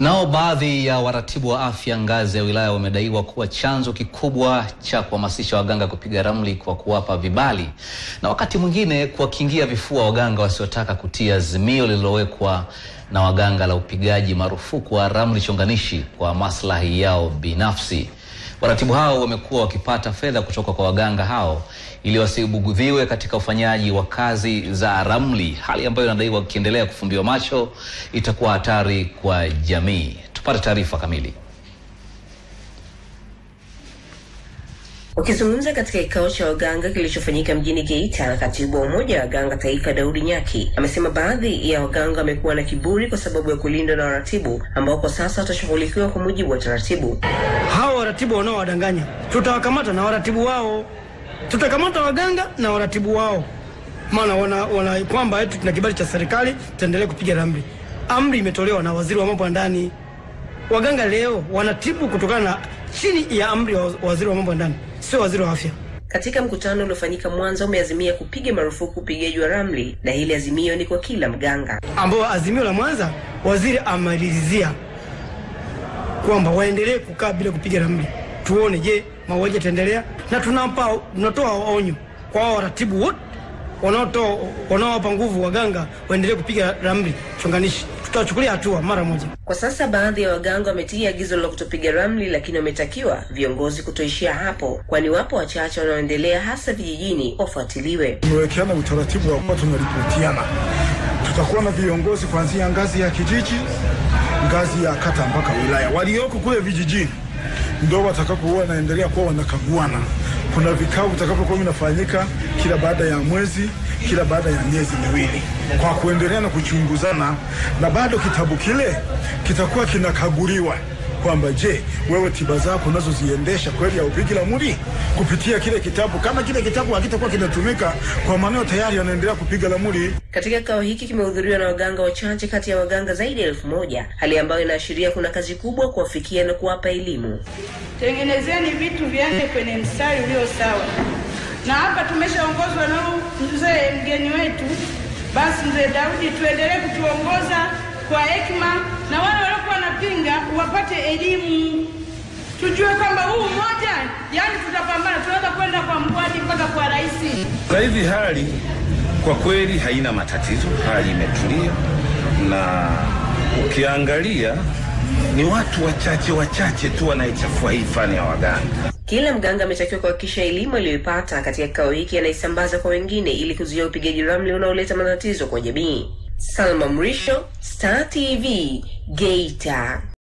Nao baadhi ya waratibu wa afya ngazi ya wilaya wamedaiwa kuwa chanzo kikubwa cha kuhamasisha waganga kupiga ramli kwa kuwapa vibali na wakati mwingine kuwakingia vifua waganga wasiotaka kutia azimio lililowekwa na waganga la upigaji marufuku wa ramli chonganishi kwa maslahi yao binafsi. Waratibu hao wamekuwa wakipata fedha kutoka kwa waganga hao ili wasibugudhiwe katika ufanyaji wa kazi za ramli, hali ambayo inadaiwa ikiendelea kufumbiwa macho itakuwa hatari kwa jamii. Tupate taarifa kamili. Wakizungumza katika kikao cha waganga kilichofanyika mjini Geita, katibu wa Umoja wa Waganga Taifa Daudi Nyaki amesema baadhi ya waganga wamekuwa na kiburi kwa sababu ya kulindwa na waratibu ambao kwa sasa watashughulikiwa kwa mujibu wa taratibu. Hao waratibu wanaowadanganya tutawakamata na waratibu wao, tutakamata waganga na waratibu wao, maana wana, wana kwamba eti tuna kibali cha serikali tutaendelea kupiga ramli. Amri imetolewa na waziri wa mambo ya ndani. Waganga leo wanatibu kutokana na chini ya amri ya waziri wa mambo ya ndani, sio waziri wa afya. Katika mkutano uliofanyika Mwanza umeazimia kupiga marufuku upigaji wa ramli, na hili azimio ni kwa kila mganga, ambao azimio la Mwanza waziri amalizia kwamba waendelee kukaa bila kupiga ramli. Tuone, je, mauaji yataendelea? Na tunampa tunatoa onyo kwa waratibu wote wanaowapa nguvu waganga waendelee kupiga ramli chonganishi. Tutawachukulia hatua mara moja. Kwa sasa baadhi ya waganga wametii agizo la kutopiga ramli, lakini wametakiwa viongozi kutoishia hapo, kwani wapo wachache wanaoendelea, hasa vijijini, wafuatiliwe. Tumewekeana utaratibu wa kuwa tunaripotiana, tutakuwa na viongozi kuanzia ngazi ya kijiji, ngazi ya kata mpaka wilaya. Walioko kule vijijini ndo watakapokuwa wanaendelea kuwa wanakaguana kuna vikao vitakavyokuwa vinafanyika kila baada ya mwezi, kila baada ya miezi miwili, kwa kuendelea na kuchunguzana, na bado kitabu kile kitakuwa kinakaguliwa kwamba je, wewe tiba zako unazoziendesha kweli la lamuri kupitia kile kitabu? Kama kile kitabu hakitakuwa kinatumika kwa maneno, tayari anaendelea kupiga lamuri. Katika kikao hiki kimehudhuriwa na waganga wachache kati ya waganga zaidi ya elfu moja, hali ambayo inaashiria kuna kazi kubwa kuwafikia na kuwapa elimu. Tengenezeni vitu viende kwenye mstari ulio sawa, na hapa tumeshaongozwa na mzee mgeni wetu, basi mzee Daudi tuendelee kutuongoza kwa hekima na wale wanapinga wapate elimu, tujue kwamba huu mmoja, yani tutapambana, tunaweza kwenda kwa mkwani mpaka kwa rais. Kwa hivi hali kwa kweli haina matatizo, hali imetulia, na ukiangalia ni watu wachache wachache tu wanaichafua hii fani ya waganga. Kila mganga ametakiwa kuhakikisha elimu aliyoipata katika kikao hiki anaisambaza kwa wengine ili kuzuia upigaji ramli unaoleta matatizo kwa jamii. Salma Mrisho, Star TV, Geita.